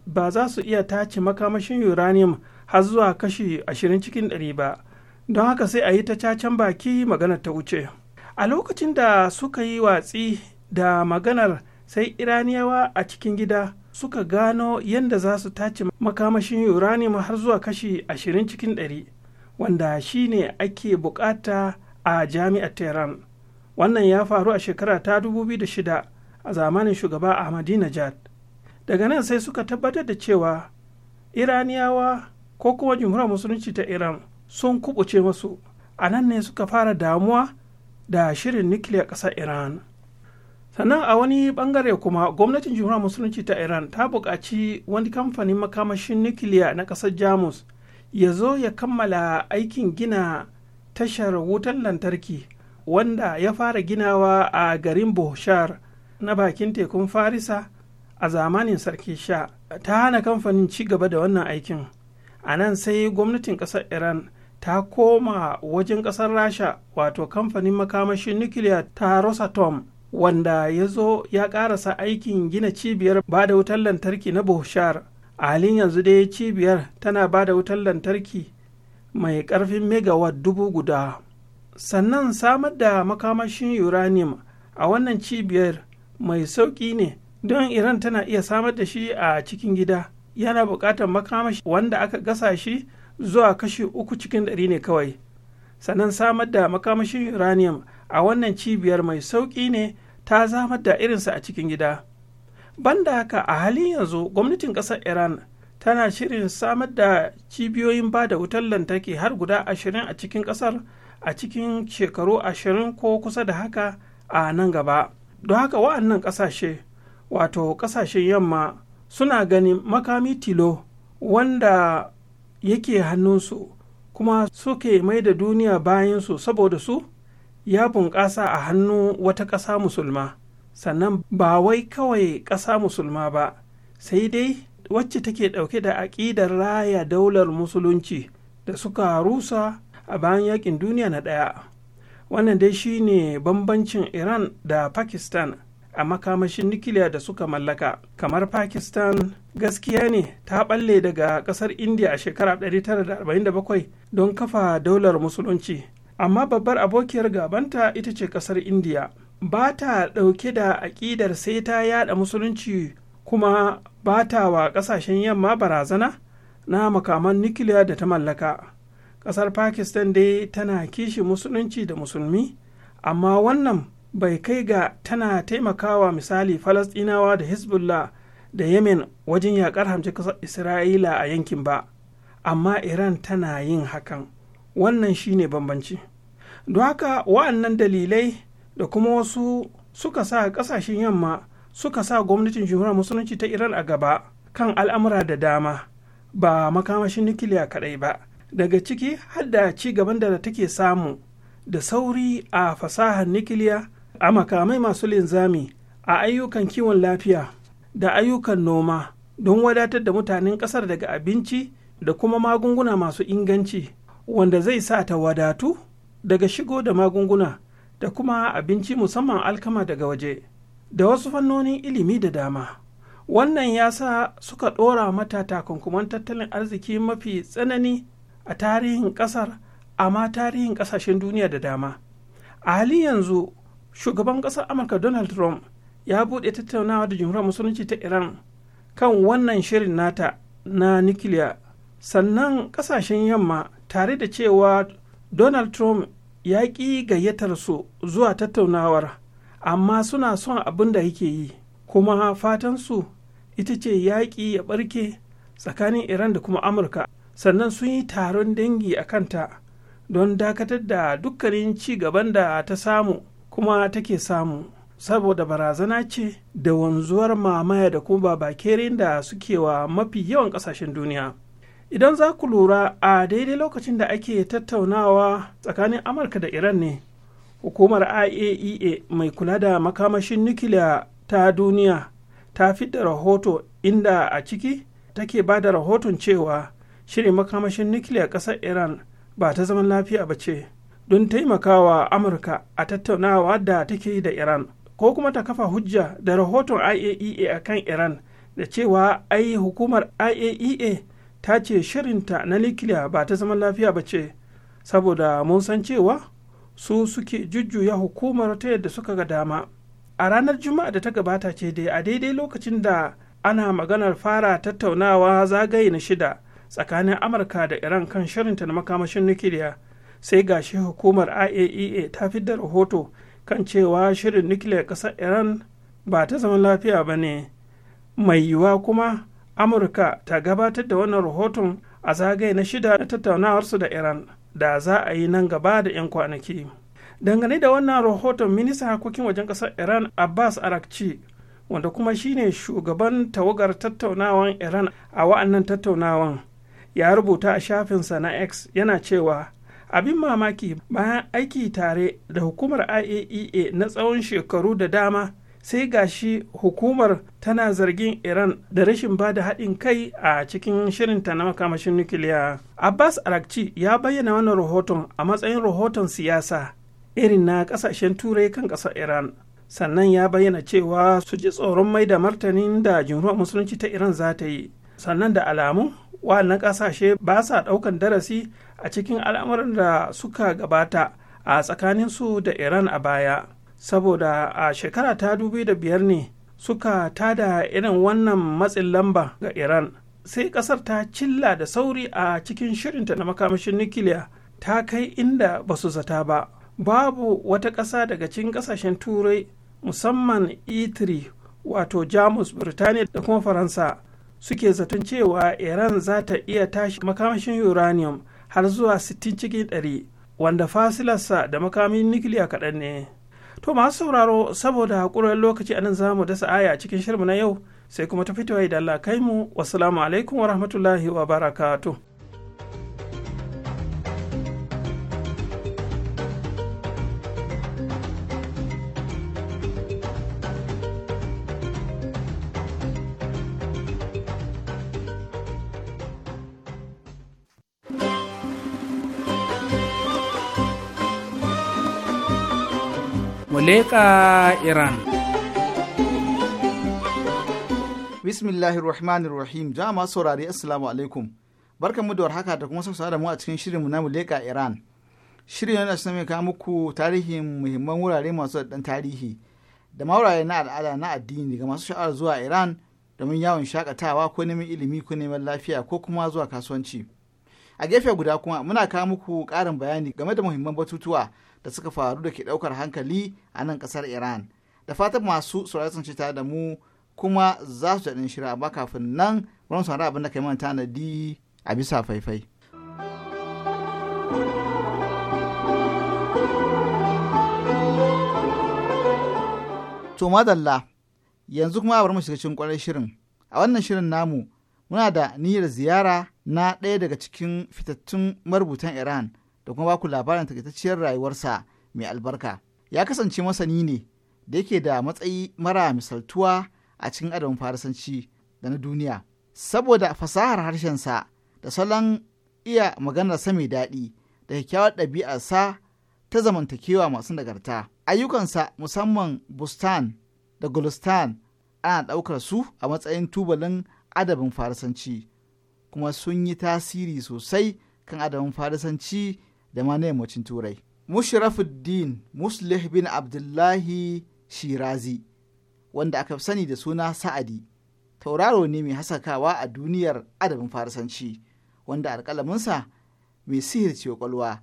ba za su iya tace makamashin uranium har zuwa kashi ashirin cikin ɗari ba don haka sai a yi ta cacen baki maganar ta wuce a lokacin da suka yi watsi da maganar sai iraniyawa a cikin gida suka gano yadda za su tace makamashin uranium har zuwa kashi ashirin cikin ɗari wanda shi ne ake bukata a jami'ar tehran wannan ya faru a shekara ta 2006 a zamanin shugaba ahmadinejad daga nan sai suka tabbatar da cewa iraniyawa ko kuma jimhuriyar musulunci ta iran sun kubuce masu a nan ne suka fara damuwa da shirin nukiliya ƙasar iran sannan a wani bangare kuma gwamnatin jimhuriyar musulunci ta iran ta bukaci wani kamfanin makamashin nukiliya na ƙasar jamus ya zo ya kammala aikin gina tashar wutan lantarki wanda ya fara ginawa a garin bohshar na bakin tekun farisa a zamanin sarki sha ta hana kamfanin ci gaba da wannan aikin a nan sai gwamnatin ƙasar iran ta koma wajen ƙasar rasha wato kamfanin makamashin nukiliya ta rosatom wanda ya zo ya ƙarasa aikin gina cibiyar ba da wutar lantarki na bohshar a halin yanzu dai cibiyar tana ba da wutar lantarki mai ƙarfin megawatt dubu guda sannan samar da makamashin uranium a wannan cibiyar mai sauƙi ne don iran tana iya samar da shi a cikin gida yana buƙatar makamashi wanda aka gasa shi zuwa kashi uku cikin ɗari ne kawai sannan samar da makamashin uranium a wannan cibiyar mai sauƙi ne ta zamar da irinsa a cikin gida banda haka a halin yanzu gwamnatin kasar iran tana shirin samar da cibiyoyin ba da wutar lantarki har guda ashirin a cikin kasar a cikin shekaru ashirin ko kusa da haka a nan gaba don haka wa'annan ƙasashe wato ƙasashen yamma suna ganin makami tilo wanda yake hannunsu kuma suke mai da duniya bayansu saboda su ya bunƙasa a hannu wata ƙasa musulma sannan ba wai kawai ƙasa musulma ba sai dai wacce take ɗauke da aƙidar raya daular musulunci da suka rusa a bayan yakin duniya na ɗaya wannan dai shine bambancin iran da pakistan a makamashin nukiliya da suka mallaka kamar pakistan gaskiya ne ta ɓalle daga ƙasar india a shekara 1947 don kafa daular musulunci amma babbar abokiyar gabanta ita ce ƙasar india ba ta ɗauke da aƙidar sai ta yada musulunci kuma ba ta wa ƙasashen yamma barazana na makaman nukiliya da ta mallaka ƙasar pakistan dai tana kishi musulunci da musulmi amma wannan bai kai ga tana taimakawa misali falastinawa da hezbollah da yemen wajen yaƙar hamci ƙasar isra'ila a yankin ba amma iran tana yin hakan wannan shine bambanci don haka wa'annan dalilai da kuma wasu suka sa kasashen yamma suka sa gwamnatin jumhuriyar musulunci ta iran a gaba kan al'amura da dama ba makamashin nukiliya kadai ba daga ciki har da ci gaban da take samu da sauri a fasahar nukiliya a makamai masu linzami a ayyukan kiwon lafiya da ayyukan noma don wadatar da mutanen kasar daga abinci da kuma magunguna masu inganci wanda zai sa ta wadatu daga shigo da magunguna da kuma abinci musamman alkama daga waje da wasu fannonin ilimi da dama wannan ya sa suka ɗora mata takunkuman tattalin arziki mafi tsanani a tarihin ƙasar amma tarihin ƙasashen duniya da dama a halin yanzu shugaban ƙasar amurka donald trump ya buɗe tattaunawa da jumhuriyar musulunci ta iran kan wannan shirin nata na nukiliya sannan ƙasashen yamma tare da cewa donald trump ya ƙi gayyatar su zuwa tattaunawar amma suna son abin da yake yi kuma fatan su ita ce yaƙi ya ɓarke tsakanin iran da kuma amurka sannan sun yi taron dangi a kanta don dakatar da dukkanin ci gaban da ta samu kuma take samu saboda barazana ce da wanzuwar mamaya da kuma babakerin da suke wa mafi yawan ƙasashen duniya idan za ku lura a daidai lokacin da ake tattaunawa tsakanin amurka da iran ne hukumar iaea e mai kula da makamashin nukiliya ta duniya ta da rahoto inda a ciki take ba da rahoton cewa shirin makamashin nukiliya ƙasar iran ba ta zaman lafiya ba ce don taimakawa amurka a tattaunawa da take da iran ko kuma ta kafa hujja da rahoton iaea akan iran da cewa ai hukumar iaea e ta ce shirinta na nukiliya ba ta zaman lafiya ba ce saboda mun san cewa su suke jujjuya hukumar ta yadda suka ga dama a ranar juma'a da ta gabata ce dai a daidai lokacin da ana maganar fara tattaunawa zagaye na shida tsakanin amurka da iran kan shirinta na makamashin nukiliya sai gashi hukumar iaea e ta fi da rahoto kan cewa shirin nukiliyar ƙasar iran ba ta zaman lafiya ba ne mai yiwuwa kuma amurka ta gabatar da wannan rahoton a zagaye na shida na tattaunawarsu da iran da za a yi nan gaba da 'yan kwanaki dangane da wannan rahoton minista harkokin wajen ƙasar iran abbas arakci wanda kuma shine shugaban tawagar tattaunawan iran a wa'annan tattaunawan ya rubuta a shafinsa na x yana cewa abin mamaki bayan aiki tare da hukumar iaea e na tsawon shekaru da dama sai ga shi hukumar tana zargin iran da rashin ba da haɗin kai a cikin shirinta na makamashin nukiliya abbas arakci ya bayyana wannan rahoton a matsayin rahoton siyasa irin na ƙasashen turai kan ƙasar iran sannan ya bayyana cewa su ji tsoron mai da martanin da jumhuriyar musulunci ta iran za ta yi sannan da alamu wannan ƙasashe ba sa ɗaukan darasi a cikin al'amuran da suka gabata a tsakanin su da iran a baya saboda a shekara ta dubi da biyar ne suka tada irin wannan matsin lamba ga iran sai kasar ta cilla da sauri a cikin shirinta na makamashin nukiliya ta kai inda ba su zata ba babu wata ƙasa daga cikin ƙasashen turai musamman itri e wato jamus birtaniya da kuma faransa suke zaton cewa iran za ta iya tashi makamashin uranium har zuwa 60 cikin 100 wanda fasilarsa da makamin nukiliya kaɗan ne to masu sauraro saboda haƙurar lokaci anan za mu dasa aya a cikin shirmu na yau sai kuma ta fitowa idan Allah kai mu wassalamu alaikum wa rahmatullahi wa barakatuh leƙa iran bismillahir rahmanir rahim jama'a saurari assalamu alaikum mu da warhaka da kuma sassa da mu a cikin shirin mu na leƙa iran shirin yana sanar kawo muku tarihin muhimman wurare masu dan tarihi da maurare na al'ada na addini ga masu sha'awar zuwa iran domin yawon shakatawa ko neman ilimi ko neman lafiya ko kuma zuwa kasuwanci a gefe guda kuma muna kawo muku ƙarin bayani game da muhimman batutuwa da suka faru da ke ɗaukar hankali a nan ƙasar Iran. Da fatan masu sauraron sun da mu kuma za su daɗin shira ba kafin nan wani saurari abin da kai man tanadi a bisa faifai. To madalla yanzu kuma abar mu shiga cikin kwarai shirin. A wannan shirin namu muna da niyyar ziyara na ɗaya daga cikin fitattun marubutan Iran da kuma baku labarin takaitacciyar rayuwarsa mai albarka ya kasance masani ne da yake da matsayi mara misaltuwa a cikin adabin farisanci da na duniya saboda fasahar harshensa da salon iya sa mai daɗi da kyakkyawar ɗabi'arsa ta zamantakewa masu nagarta ayyukansa musamman bustan da gulistan ana ɗaukar su a matsayin tubalin adabin farisanci kuma sun yi tasiri sosai kan adabin farisanci da ma na yammacin turai mushrafuddin Musleh bin abdullahi shirazi wanda aka fi sani da suna sa'adi tauraro ne mai hasakawa a duniyar adabin farisanci wanda alƙalaminsa mai sihir kwalwa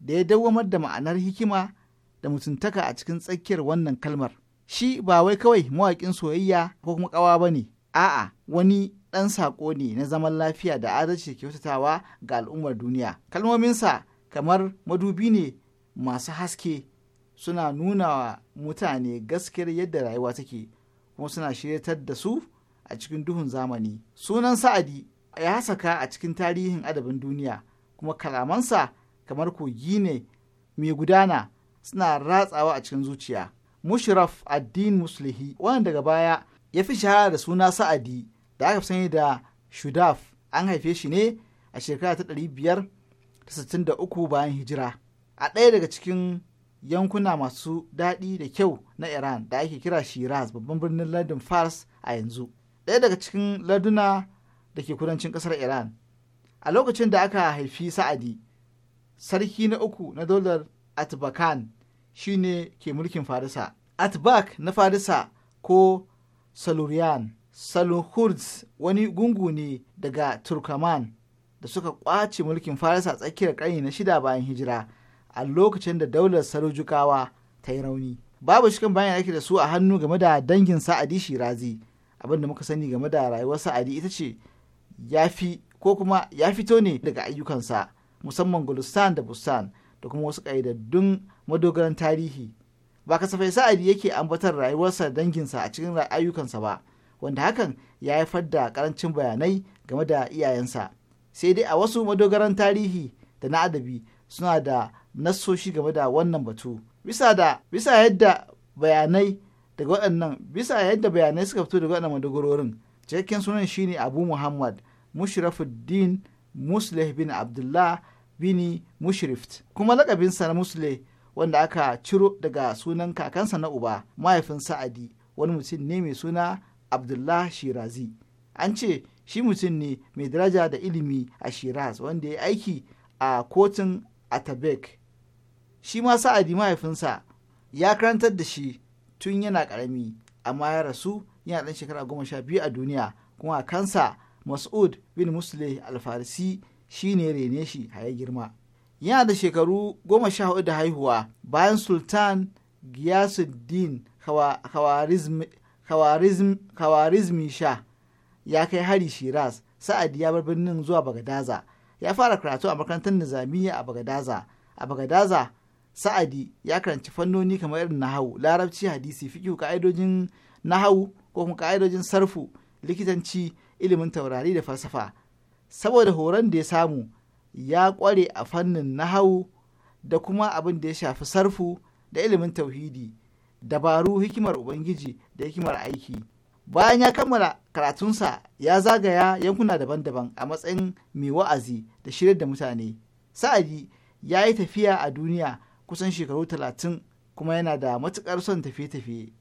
da ya dawamar da ma'anar hikima da mutuntaka a cikin tsakiyar wannan kalmar shi ba wai kawai mawaƙin soyayya ko kuma ƙawa ba ne a'a wani ɗan saƙo ne na zaman lafiya da adalci kyautatawa ga al'ummar duniya kalmominsa kamar madubi ne masu haske suna nuna wa mutane gaskiyar yadda rayuwa take kuma suna shiryatar da su a cikin duhun zamani sunan sa'adi ya saka a cikin tarihin adabin duniya kuma kalamansa kamar kogi ne mai gudana suna ratsawa a cikin zuciya mushraf addin muslihi wanda daga baya ya fi shahara da suna sa'adi da aka sani da shudaf an haife shi ne a shekara ta ɗari biyar 63 bayan hijira a ɗaya daga cikin yankuna masu daɗi da kyau na iran da ake kira shiraz babban birnin lardin fars a yanzu ɗaya daga cikin laduna da ke kudancin ƙasar iran a lokacin da aka haifi sa'adi sarki na uku na dolar atbakan shine ke mulkin farisa atbak na farisa ko saluriyan saluhurz wani gungu ne daga turkaman da suka kwace mulkin farisa a tsakiyar ƙarni na shida bayan hijira a lokacin da daular Sarujukawa ta yi rauni. Babu cikin bayan ake da su a hannu game da dangin Sa'adi Shirazi. Abin da muka sani game da rayuwar Sa'adi ita ce ya fi ko kuma ya fito ne daga ayyukansa musamman Gulistan da Bustan da kuma wasu ƙaidaddun madogaran tarihi. Ba kasafai Sa'adi yake ambatar rayuwarsa danginsa a cikin ayyukansa ba, wanda hakan ya haifar da karancin bayanai game da iyayensa. sai dai a wasu madogaran tarihi da na adabi suna da nassoshi game da wannan batu bisa da bisa yadda bayanai daga waɗannan bisa yadda bayanai suka fito daga waɗannan madogarorin cikakken sunan shine abu muhammad mushrafuddin musleh bin abdullah bini mushrift kuma lakabinsa na musleh wanda aka ciro daga sunan kakansa na uba mahaifin sa'adi wani mutum ne mai suna abdullah shirazi an ce shi mutum ne mai daraja da ilimi a shiraz wanda ya aiki a kotun atabek shi ma sa'adi mahaifinsa ya karantar da shi tun yana karami amma ya rasu yana ɗan shekara goma sha biyu a duniya kuma kansa mas'ud bin musulai alfarisi shi ne rene shi haya girma yana da shekaru goma sha hudu da haihuwa bayan sultan giyasuddin kawarizmi sha ya kai hari shiraz sa'ad ya bar birnin zuwa bagadaza ya fara karatu a makarantar nizamiya a bagadaza a bagadaza sa'adi ya karanci fannoni kamar irin nahawu larabci hadisi fiqh ka'idojin nahawu ko kuma ka'idojin sarfu likitanci ilimin taurari da falsafa saboda horon da ya samu ya kware a fannin nahawu da kuma abin da ya shafi sarfu da ilimin tauhidi dabaru hikimar ubangiji da hikimar aiki bayan ya kammala karatunsa ya zagaya yankuna daban-daban a matsayin mai wa'azi da shirya da mutane sa'adi ya yi tafiya a duniya kusan shekaru talatin kuma yana da matukar son tafiye-tafiye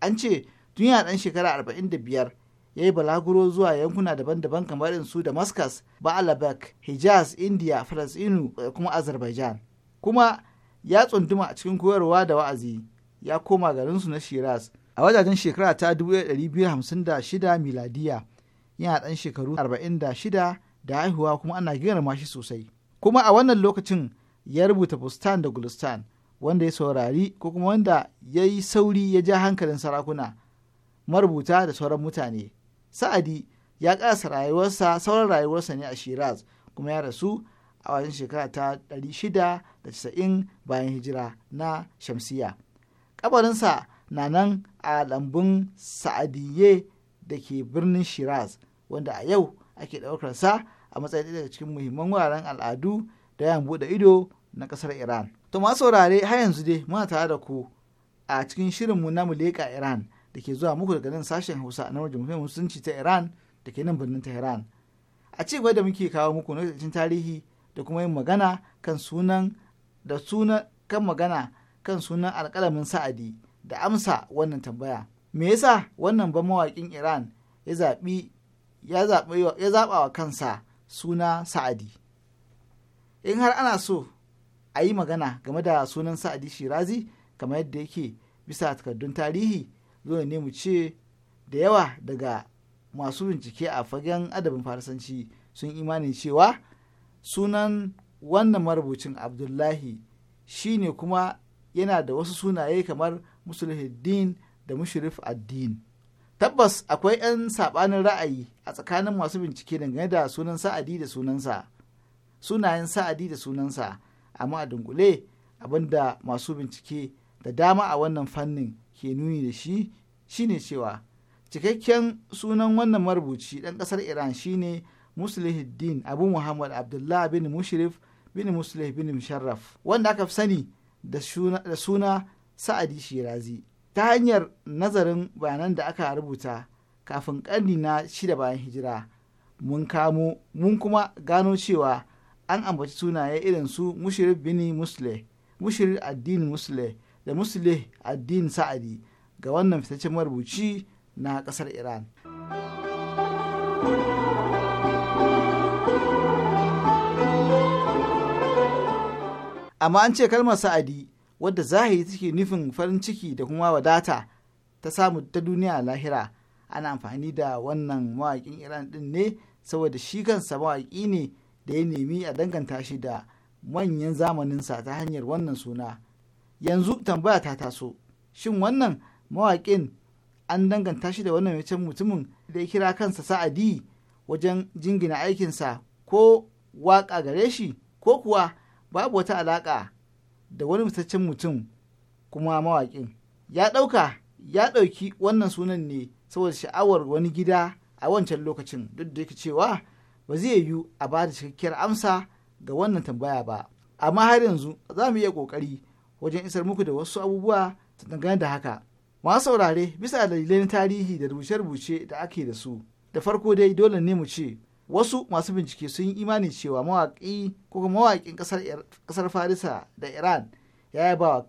an ce duniya ɗan shekara arba'in da biyar ya yi balaguro zuwa yankuna daban-daban kamar su damascus ba'alabak hijaz india falasinu kuma azerbaijan kuma ya tsunduma a cikin koyarwa da wa'azi ya koma garinsu na shiraz a wajajen shekara ta 1256 miladiya yana ɗan shekaru 46 da haihuwa kuma ana girma shi sosai kuma a wannan lokacin ya rubuta bustan da gulistan wanda ya saurari ko kuma wanda ya yi sauri ya ja hankalin sarakuna marubuta da sauran mutane sa'adi ya ƙasa rayuwarsa sauran rayuwarsa ne a shiraz kuma ya rasu a wajen shekara ta 690 bayan hijira na shamsiya kabarinsa na nan a lambun sa'adiyye da ke birnin shiraz wanda a yau ake sa a matsayin daga cikin muhimman wuraren al'adu da yan buɗe ido na ƙasar iran to ma saurare har yanzu dai muna tare da ku a cikin shirinmu na muleka iran da ke zuwa muku daga nan sashen hausa na jamhuriyar musulunci ta iran da ke nan birnin tehran a ci da muke kawo muku na tarihi da kuma yin magana kan sunan da sunan kan magana kan sunan alƙalamin sa'adi da amsa wannan tambaya me yasa wannan ban mawaƙin iran ya zaɓi ya zaɓa wa kansa suna sa'adi in har ana so a yi magana game da sunan sa'adi shirazi kamar yadda yake bisa takardun tarihi dole ne mu ce da yawa daga masu bincike a fagen adabin farisanci sun imanin cewa sunan wannan marubucin abdullahi shine kuma yana da wasu sunaye kamar musuluddin da mushrif addin tabbas akwai 'yan saɓanin ra'ayi a tsakanin masu bincike dangane da sunan sa'adi da sunansa sunayen sa'adi da sunansa amma a dunkule abinda masu bincike da dama a wannan fannin ke nuni da shi shine cewa cikakken sunan wannan marubuci ɗan ƙasar iran shine muslihuddin abu muhammad abdullah bin mushrif bin muslih bin musharraf wanda aka fi sani da suna sa'adi shirazi ta hanyar nazarin bayanan da aka rubuta kafin ƙarni na shida bayan hijira mun kamo mun kuma gano cewa an ambaci sunaye irin su mushir bini musle mushir addini musle da musle addini sa'adi ga wannan fitaccen marubuci na ƙasar iran amma an ce kalmar sa'adi wadda zahiri take nufin farin ciki da kuma wadata ta samu ta duniya lahira ana amfani da wannan mawaƙin iran din ne saboda shi kansa mawaƙi ne da ya nemi a danganta shi da manyan zamaninsa ta hanyar wannan suna yanzu tambaya ta taso shin wannan mawaƙin an danganta shi da wannan wancan mutumin da ya kira kansa sa'adi wajen jingina aikinsa ko waƙa gare shi ko kuwa babu wata alaƙa da wani fitaccen mutum kuma mawaƙin ya ɗauka ya ɗauki wannan sunan ne saboda sha'awar wani gida a wancan lokacin duk da yake cewa ba zai yiwu a ba da cikakkiyar amsa ga wannan tambaya ba amma har yanzu za mu iya ƙoƙari wajen isar muku da wasu abubuwa dangane da haka masu saurare bisa dalilai na tarihi da rubuce-rubuce da ake da su da farko dai dole ne mu ce wasu masu bincike sun yi imani cewa mawaƙi ko mawaƙin er-, ƙasar farisa da iran ya ba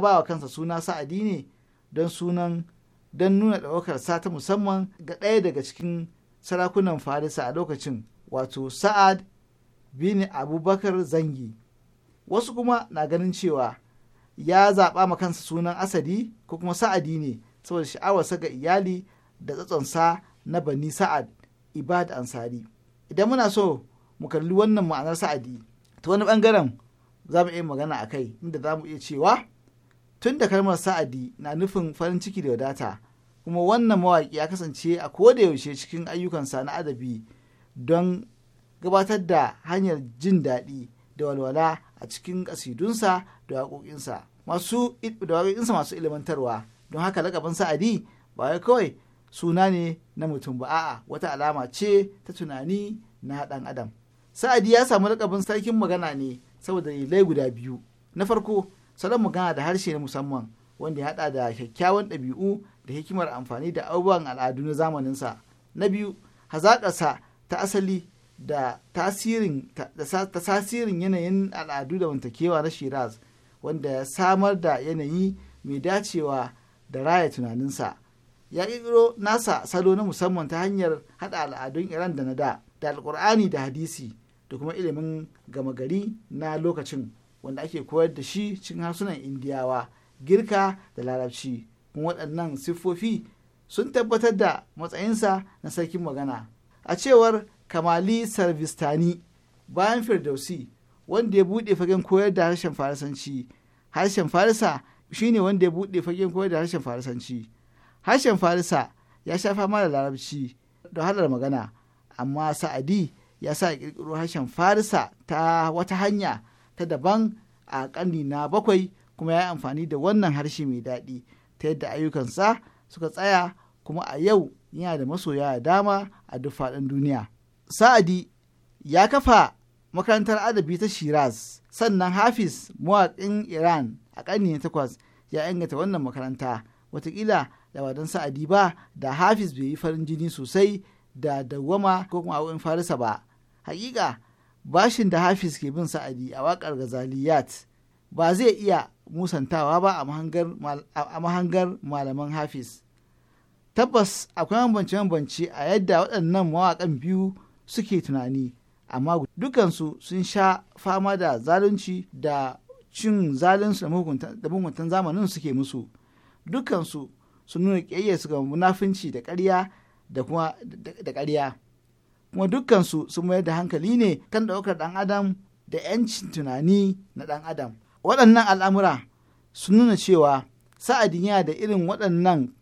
wa kansa suna sa'adi ne don sunan don nuna sa ta musamman ga ɗaya daga cikin sarakunan farisa a lokacin wato sa'ad bin abubakar zangi wasu kuma na ganin cewa ya zaɓa ma kansa sunan asadi ko kuma sa'adi ne saboda sha'awarsa ga iyali da tsatsonsa na bani sa'ad ibad ansari idan muna so mu kalli wannan ma'anar sa'adi ta wani bangaren za mu iya magana a kai inda za mu iya cewa tun da kalmar sa'adi na nufin farin ciki da wadata kuma wannan mawaƙi ya kasance a da yaushe cikin ayyukansa na adabi don gabatar da hanyar jin daɗi da walwala a cikin ƙasidunsa da waƙoƙinsa masu masu ilimantarwa don haka lakabin sa'adi ba kawai suna ne na mutum ba a'a wata alama ce ta tunani na ɗan adam sa'adi ya samu lakabin sarkin magana ne saboda dalilai guda biyu na farko salon magana da harshe na musamman wanda ya hada da kyakkyawan ɗabi'u da hikimar amfani da abubuwan al'adu na zamaninsa na biyu hazaƙarsa ta asali da tasirin tasirin yanayin al'adu da wantakewa na shiraz wanda ya samar da yanayi mai dacewa da raya tunaninsa ya kirkiro nasa salo na musamman ta hanyar haɗa al'adun iran da na da da alkur'ani da hadisi da kuma ilimin gama gari na lokacin wanda ake koyar da shi cikin harsunan indiyawa girka da larabci kuma waɗannan siffofi sun tabbatar da matsayinsa na sarkin magana a cewar kamali sarvistani bayan firdausi wanda ya buɗe fagen koyar da harshen farisanci harshen farisa shine wanda ya buɗe fagen koyar da harshen farisanci harshen farisa ya sha fama da larabci da wahalar magana amma sa'adi ya sa kirkiro harshen farisa ta wata hanya ta daban a ƙarni na bakwai kuma ya yi amfani da wannan harshe mai daɗi ta yadda ayyukansa suka tsaya kuma a yau yana da masoya a dama a duk faɗin duniya sa'adi ya kafa makarantar adabi ta shiraz sannan hafiz mawaƙin iran a ƙarni na takwas ya inganta wannan makaranta watakila da ba sa'adi ba da hafiz bai yi farin jini sosai da dawwama ko kuma farisa ba hakika bashin da hafiz ke bin sa'adi a wakar gazaliyat ba zai iya musantawa ba a mahangar malaman hafiz tabbas akwai bambance-bambance a yadda waɗannan mawaƙan biyu suke tunani amma dukansu sun sha fama da zalunci da cin zalunsu da mugunta zamanin suke musu dukansu sun nuna ƙiyayya su ga munafinci da ƙarya da kuma da ƙarya kuma dukkansu sun mayar da hankali ne kan ɗaukar ɗan adam da 'yancin tunani na ɗan adam waɗannan al'amura sun nuna cewa sa'adin yana da irin waɗannan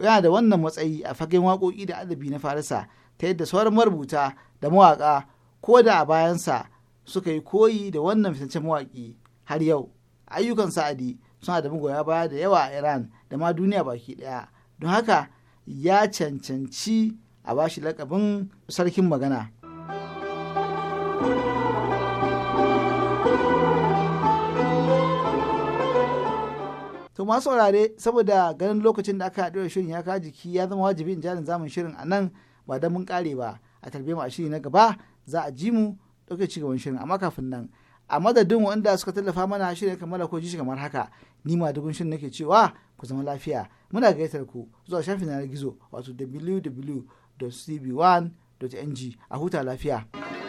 yana da wannan matsayi a fagen waƙoƙi da adabi na farisa ta yadda sauran marubuta da mawaƙa ko da a bayansa suka yi koyi da wannan fitaccen mawaƙi har yau ayyukan sa'adi suna da magoya baya da yawa a iran da ma duniya baki ɗaya don haka ya cancanci a bashi lakabin sarkin magana to masu saurare saboda ganin lokacin da aka haɗu da shirin ya ka jiki ya zama wajibi jarin zamun shirin a nan ba da mun kare ba a tarbe mu a shiri na gaba za a ji mu ɗauke cigaban shirin amma kafin nan a madadin wanda suka tallafa mana shi ne kamar ko jishi kamar haka ni ma dugun shirin nake cewa ku zama lafiya muna gaitar ku zuwa shafin yanar gizo wato www.cb1.ng a huta lafiya.